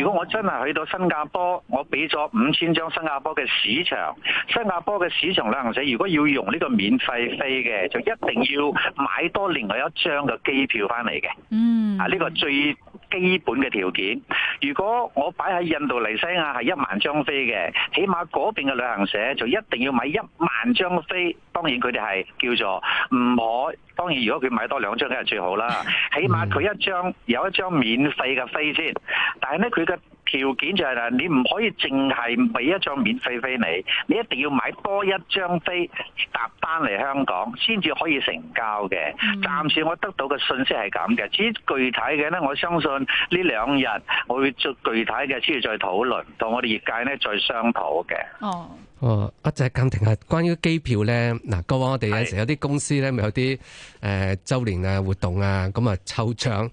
[SPEAKER 4] 如果我真係去到新加坡，我畀咗五千張新加坡嘅市場，新加坡嘅市場旅行社，如果要用呢個免費飛嘅，就一定要買多另外一張嘅機票返嚟嘅。嗯，啊呢個最基本嘅條件。如果我擺喺印度尼西亞係一萬張飛嘅，起碼嗰邊嘅旅行社就一定要買一萬張飛。當然佢哋係叫做唔可。當然，如果佢買多兩張，梗係最好啦，起碼佢一張有一張免費嘅飛先。但係呢，佢嘅。條件就係啦，你唔可以淨係畀一張免費飛你，你一定要買多一張飛搭翻嚟香港，先至可以成交嘅。嗯、暫時我得到嘅信息係咁嘅，至於具體嘅呢，我相信呢兩日我會做具體嘅，先至再討論，同我哋業界呢再商討嘅。哦
[SPEAKER 2] 哦，啊就係淦廷啊，關於機票呢。嗱，過往我哋有時有啲公司呢咪的有啲誒週年啊活動啊，咁啊抽獎，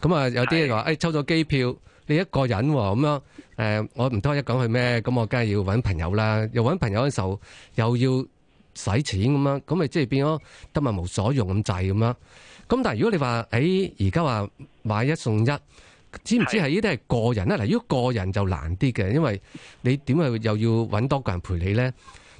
[SPEAKER 2] 咁啊有啲人話誒抽咗機票。你一個人喎咁樣，誒、嗯，我唔多一講佢咩，咁我梗係要揾朋友啦。又揾朋友嘅時候，又要使錢咁樣，咁咪即係變咗得物無所用咁滯咁啦。咁但係如果你話，誒、欸，而家話買一送一，知唔知係呢啲係個人咧？嗱，如果個人就難啲嘅，因為你點啊又要揾多個人陪你咧。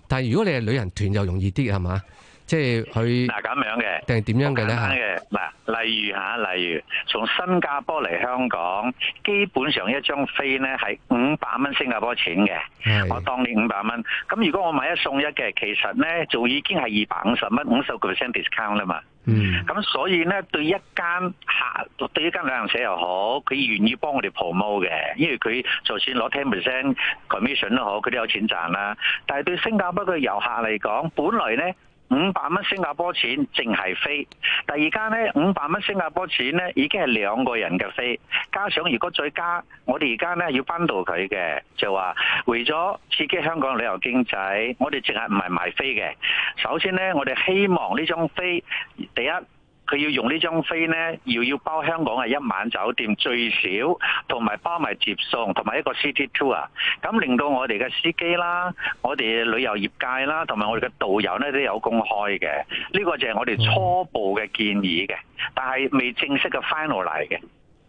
[SPEAKER 2] 但係如果你係旅行團，又容易啲係嘛？是即係佢嗱，咁樣嘅，定係點樣嘅咧？簡單嘅
[SPEAKER 4] 嗱，例如吓，例如從新加坡嚟香港，基本上一張飛咧係五百蚊新加坡錢嘅。是我當你五百蚊，咁如果我買一送一嘅，其實咧就已經係二百五十蚊，五十個 percent discount 啦嘛。咁、嗯、所以咧，對一間客，對一間旅行社又好，佢願意幫我哋 promote 嘅，因為佢就算攞 ten percent commission 都好，佢都有錢賺啦。但係對新加坡嘅遊客嚟講，本來咧。五百蚊新加坡錢淨係飛，但而家呢，五百蚊新加坡錢呢已經係兩個人嘅飛，加上如果再加，我哋而家呢要頒到佢嘅，就話為咗刺激香港旅遊經濟，我哋淨係唔係賣飛嘅。首先呢，我哋希望呢張飛第一。佢要用呢張飛呢，要要包香港係一晚酒店最少，同埋包埋接送，同埋一個 city tour，咁令到我哋嘅司機啦、我哋旅遊業界啦，同埋我哋嘅導遊呢都有公開嘅。呢、這個就係我哋初步嘅建議嘅，但係未正式嘅 final 嚟嘅。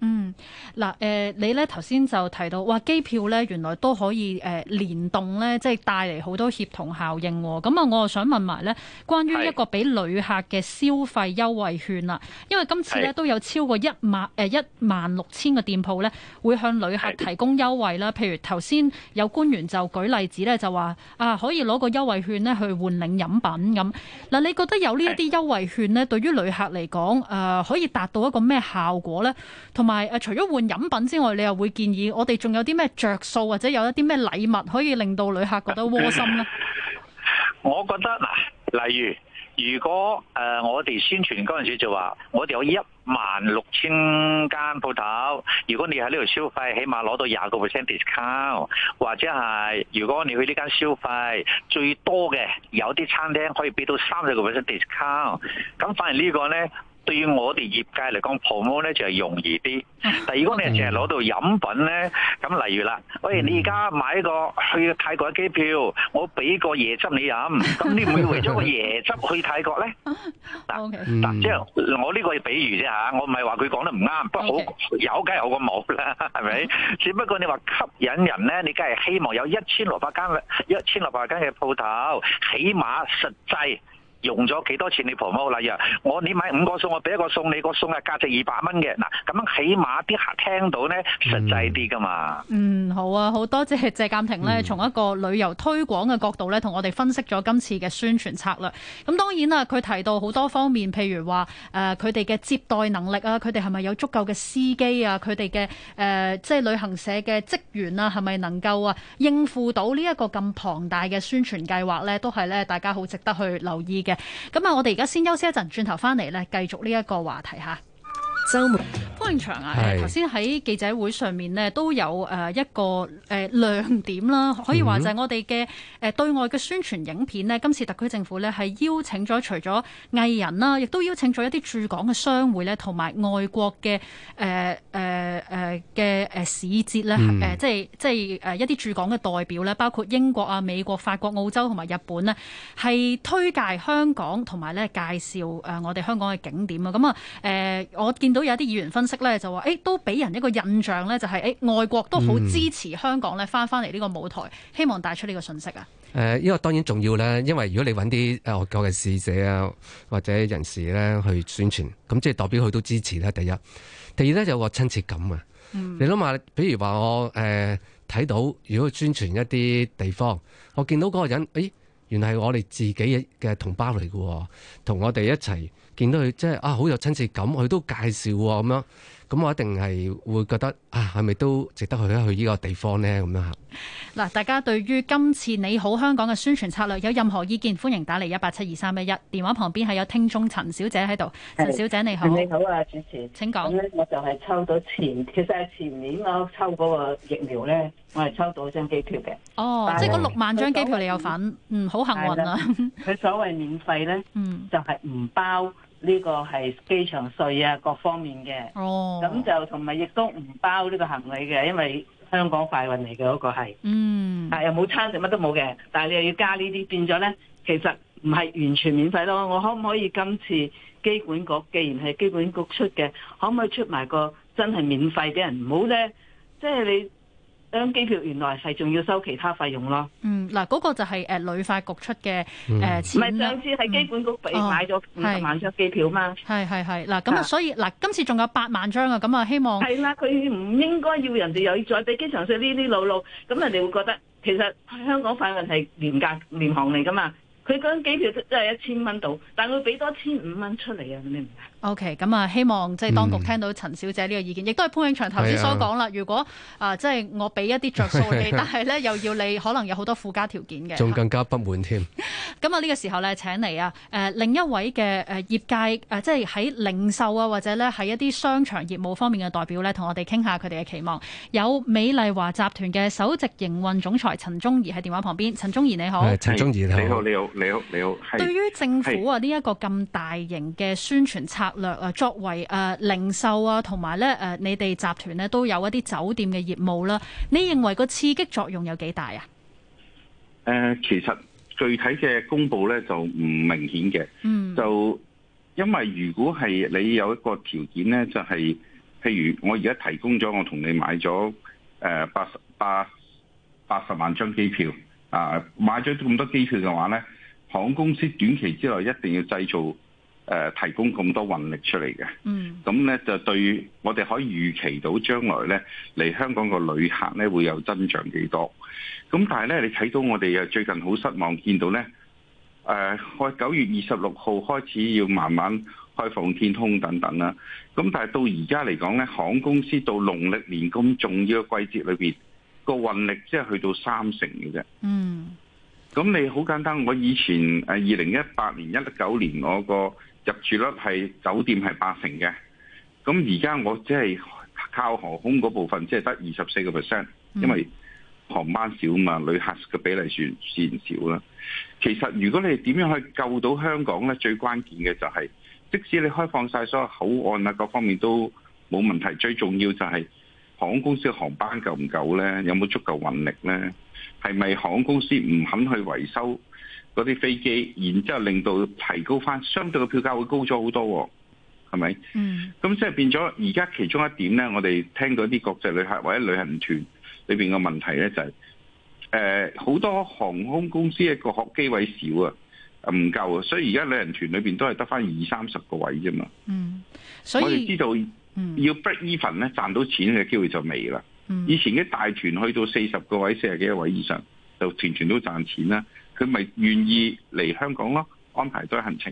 [SPEAKER 1] 嗯，嗱、呃，你咧頭先就提到話機票咧原來都可以誒聯動咧，即係帶嚟好多協同效應喎、哦。咁啊，我又想問埋咧，關於一個俾旅客嘅消費優惠券啦，因為今次咧都有超過一萬誒、呃、一萬六千個店鋪咧，會向旅客提供優惠啦。是譬如頭先有官員就舉例子咧，就話啊可以攞個優惠券咧去換領飲品咁。嗱，你覺得有呢一啲優惠券咧，是對於旅客嚟講誒可以達到一個咩效果咧？同埋。係誒，除咗換飲品之外，你又會建議我哋仲有啲咩着數，或者有一啲咩禮物可以令到旅客覺得窩心咧？
[SPEAKER 4] 我覺得嗱，例如如果誒、呃、我哋宣傳嗰陣時就話，我哋有一萬六千間鋪頭，如果你喺呢度消費，起碼攞到廿個 percent discount，或者係如果你去呢間消費最多嘅，有啲餐廳可以俾到三十個 percent discount，咁反而呢個呢個咧。對於我哋業界嚟講泡沫呢咧就係、是、容易啲。但如果你淨係攞到飲品咧，咁例 Okay. 如啦，喂，你而家買一個去泰國嘅機票，我俾個椰汁你飲，咁你唔會為咗個椰汁去泰國咧？嗱 但，即係我呢個比喻啫吓，我唔係話佢講得唔啱，不過有梗係有個冇啦，係咪？Okay. 只不過你話吸引人咧，你梗係希望有一千六百間、一千六百間嘅鋪頭，起碼實際。用咗幾多錢？你婆婆例如，我你買五個餸，我俾一個餸，你個餸係價值二百蚊嘅。嗱，咁樣起碼啲客聽到呢，實際啲噶嘛。嗯，
[SPEAKER 1] 好啊，好多謝謝淦廷呢，嗯、從一個旅遊推廣嘅角度呢，同我哋分析咗今次嘅宣傳策略。咁、嗯、當然啦、啊，佢提到好多方面，譬如話誒，佢哋嘅接待能力啊，佢哋係咪有足夠嘅司機啊？佢哋嘅誒，即係旅行社嘅職員啊，係咪能夠啊應付到呢一個咁龐大嘅宣傳計劃呢？都係呢，大家好值得去留意嘅。咁啊！我哋而家先休息一陣，轉頭翻嚟咧，繼續呢一個話題吓。周富慶祥啊，頭先喺記者會上面咧都有誒一個誒亮，、呃、點啦，可以話就係我哋嘅誒對外嘅宣傳影片咧。嗯、今次特區政府咧係邀請咗除咗藝人啦，亦都邀請咗一啲駐港嘅商會咧，同埋外國嘅誒誒誒嘅誒使節咧，誒、呃呃呃嗯呃、即係即係誒一啲駐港嘅代表咧，包括英國啊，美國、法國、澳洲同埋日本啊，係推介香港同埋咧介紹誒我哋香港嘅景點啊。咁啊誒我見到。都有啲議員分析咧，就話誒，都俾人一個印象咧，就是，就係誒，外國都好支持香港咧返返嚟呢個舞台，嗯、希望帶出呢個信息啊。
[SPEAKER 2] 誒、呃，呢個當然重要咧，因為如果你揾啲誒外國嘅使者啊或者人士咧去宣傳，咁即係代表佢都支持啦。第一，第二咧有個親切感啊。嗯、你諗下，譬如話我誒睇、呃、到如果佢宣傳一啲地方，我見到嗰個人，誒、欸，原來係我哋自己嘅同胞嚟嘅，同我哋一齊。見到佢真係啊，好有親切感，佢都介紹喎咁樣，咁我一定係會覺得啊，係咪都值得去一去呢個地方呢？咁樣嚇。
[SPEAKER 1] 嗱，大家對於今次你好香港嘅宣傳策略有任何意見，歡迎打嚟一八七二三一一。電話旁邊係有聽眾陳小姐喺度，的陳小姐你好。你好啊，
[SPEAKER 5] 主持。請講說。我就係抽到前，其實係前年我抽嗰個疫苗咧，我係抽到一張機票嘅。
[SPEAKER 1] 哦，即係嗰六萬張機票你有份，嗯的，好幸運啊。佢
[SPEAKER 5] 所謂免費咧，嗯，就係唔包。呢個係機場稅啊，各方面嘅，咁、oh. 就同埋亦都唔包呢個行李嘅，因為香港快運嚟嘅嗰個係、mm.，但又冇餐食，乜都冇嘅，但係你又要加呢啲，變咗咧，其實唔係完全免費咯。我可唔可以今次機管局既然係機管局出嘅，可唔可以出埋個真係免費畀人？唔好咧，即係你。張機票原來係仲要收其他費用咯。嗯，
[SPEAKER 1] 嗱，嗰個就係誒旅發局出嘅誒，唔係、嗯、千上次係基本局俾、嗯哦、買咗五十萬張機票嘛？係係係，嗱咁啊，啊所以嗱、啊、今次仲有八萬張啊，咁啊希望係啦，佢唔應該要人哋又再俾機場稅呢
[SPEAKER 5] 啲路路，咁人你會覺得其實香港快運係廉價廉航嚟噶嘛？佢張機票都係一千蚊到，但係佢俾多千五蚊出嚟啊，你唔？
[SPEAKER 1] O.K. 咁啊，希望即係當局聽到陳小姐呢個意見，亦都係潘永祥頭先所講啦。啊、如果啊，即、呃、係、就是、我俾一啲着數你， 但係咧又要你可能有好多附加條件嘅，仲
[SPEAKER 2] 更加不滿添。
[SPEAKER 1] 咁啊，呢個時候咧請嚟啊，誒、呃、另一位嘅誒業界、呃、即係喺零售啊或者咧喺一啲商場業務方面嘅代表咧，同我哋傾下佢哋嘅期望。有美麗華集團嘅首席營運總裁陳宗彝喺電話旁邊。陳宗彝你好，陳宗彝你好，你好，你好
[SPEAKER 6] 你好你好你好。你好，對於政府啊
[SPEAKER 1] 呢一個咁大型嘅宣傳策。略啊，作為誒零售啊，同埋咧誒，你哋集團咧都有一啲酒店嘅業務啦。你認為個刺激作用有幾大啊？
[SPEAKER 6] 誒，其實具體嘅公布咧就唔明顯嘅。嗯，就因為如果係你有一個條件咧、就是，就係譬如我而家提供咗，我同你買咗誒八十八八十萬張機票啊，買咗咁多機票嘅話咧，航空公司短期之內一定要製造。誒提供咁多運力出嚟嘅，咁咧、嗯、就對我哋可以預期到將來咧嚟香港個旅客咧會有增長幾多？咁但係咧你睇到我哋又最近好失望，見到咧誒，我九月二十六號開始要慢慢開放天空等等啦。咁但係到而家嚟講咧，航空公司到農曆年咁重要嘅季節裏面，個運力，即係去到三成嘅啫。嗯，咁你好簡單，我以前誒二零一八年一九年我，嗰個。入住率係酒店係八成嘅，咁而家我只係靠航空嗰部分只，即係得二十四個 percent，因為航班少嘛，旅客嘅比例算少啦。其實如果你點樣去救到香港呢？最關鍵嘅就係，即使你開放晒所有口岸啊，各方面都冇問題，最重要就係航空公司嘅航班夠唔夠呢？有冇足夠運力呢？係咪航空公司唔肯去維修？嗰啲飛機，然之後令到提高翻，相對嘅票價會高咗好多，哦，係咪？嗯。咁即係變咗，而家其中一點咧，我哋聽到啲國際旅客或者旅行團裏面嘅問題咧，就係誒好多航空公司一個學機位少啊，唔夠啊，所以而家旅行團裏面都係得翻二三十個位啫嘛。嗯，
[SPEAKER 1] 所以我哋
[SPEAKER 6] 知道要 break even 咧，賺到錢嘅機會就未啦。嗯、以前嘅大團去到四十個位、四十幾個位以上，就全全都賺錢啦。佢咪願意嚟香港咯，安排多行程。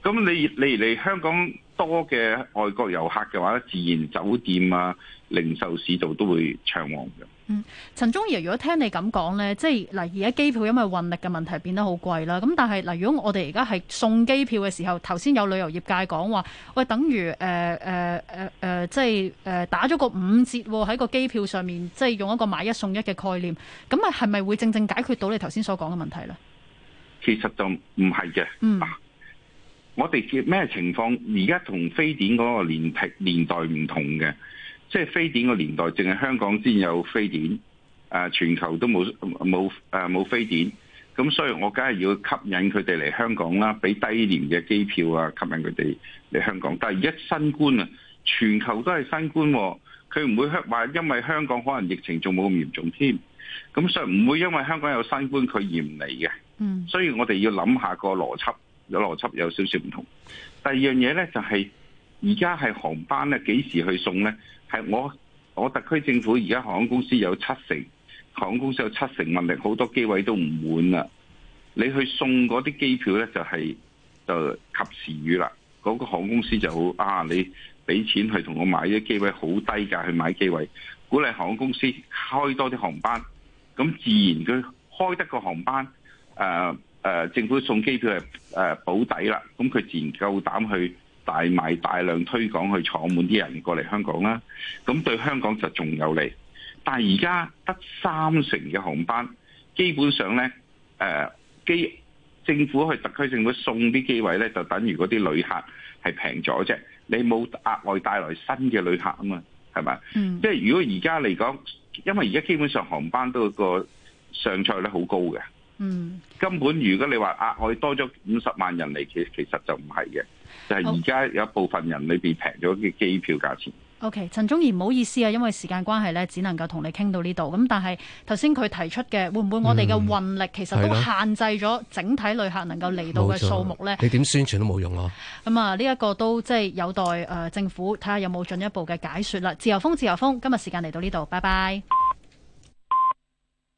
[SPEAKER 6] 咁你你嚟香港多嘅外國遊客嘅話咧，自然酒店啊、零售市道都會暢旺嘅。
[SPEAKER 1] 嗯，陳宗彝，如果聽你咁講呢，即係嗱，而家機票因為運力嘅問題變得好貴啦。咁但係嗱，如果我哋而家係送機票嘅時候，頭先有旅遊業界講話，喂，等於誒誒誒即係誒、呃、打咗個五折喺個機票上面，即係用一個買一送一嘅概念，咁啊，係咪會正正解決到你頭先所講嘅問題呢？
[SPEAKER 6] 其實就唔係嘅，嗯、我哋咩情況？而家同非典嗰個年代唔同嘅。即係非典個年代，淨係香港先有非典，誒全球都冇冇誒冇非典，咁所以我梗係要吸引佢哋嚟香港啦，俾低廉嘅機票啊，吸引佢哋嚟香港。但係一新冠啊，全球都係新冠，佢唔會屈話，因為香港可能疫情仲冇咁嚴重添，咁所以唔會因為香港有新冠佢而唔嚟嘅。嗯，所以我哋要諗下個邏輯，有邏輯有少少唔同。第二樣嘢咧就係、是。而家係航班咧，幾時去送咧？係我我特區政府而家航空公司有七成，航空公司有七成運力，好多機位都唔滿啦。你去送嗰啲機票咧，就係、是、就及時雨啦。嗰、那個航空公司就好啊，你俾錢去同我買啲機位，好低價去買機位，鼓勵航空公司開多啲航班。咁自然佢開得個航班，誒、啊、誒、啊，政府送機票係保底啦。咁佢自然夠膽去。大賣大量推廣去坐滿啲人過嚟香港啦、啊，咁對香港就仲有利。但而家得三成嘅航班，基本上咧，誒、呃，政府去特區政府送啲機位咧，就等於嗰啲旅客係平咗啫。你冇額外帶來新嘅旅客啊嘛，係咪？嗯、即係如果而家嚟講，因為而家基本上航班都個上座率好高嘅，嗯、根本如果你話額外多咗五十萬人嚟，其其實就唔係嘅。就係而家有一部分人裏邊平咗嘅機票價錢。
[SPEAKER 1] O K 陳宗彝唔好意思啊，因為時間關係咧，只能夠同你傾到呢度。咁但係頭先佢提出嘅，會唔會我哋嘅運力其實都限制咗整體旅客能夠嚟到嘅數目咧、嗯？你
[SPEAKER 2] 點宣傳都冇用咯。咁
[SPEAKER 1] 啊，呢一、嗯啊這個都即係有待誒、呃、政府睇下有冇進一步嘅解說啦。自由風，自由風，今日時間嚟到呢度，拜拜。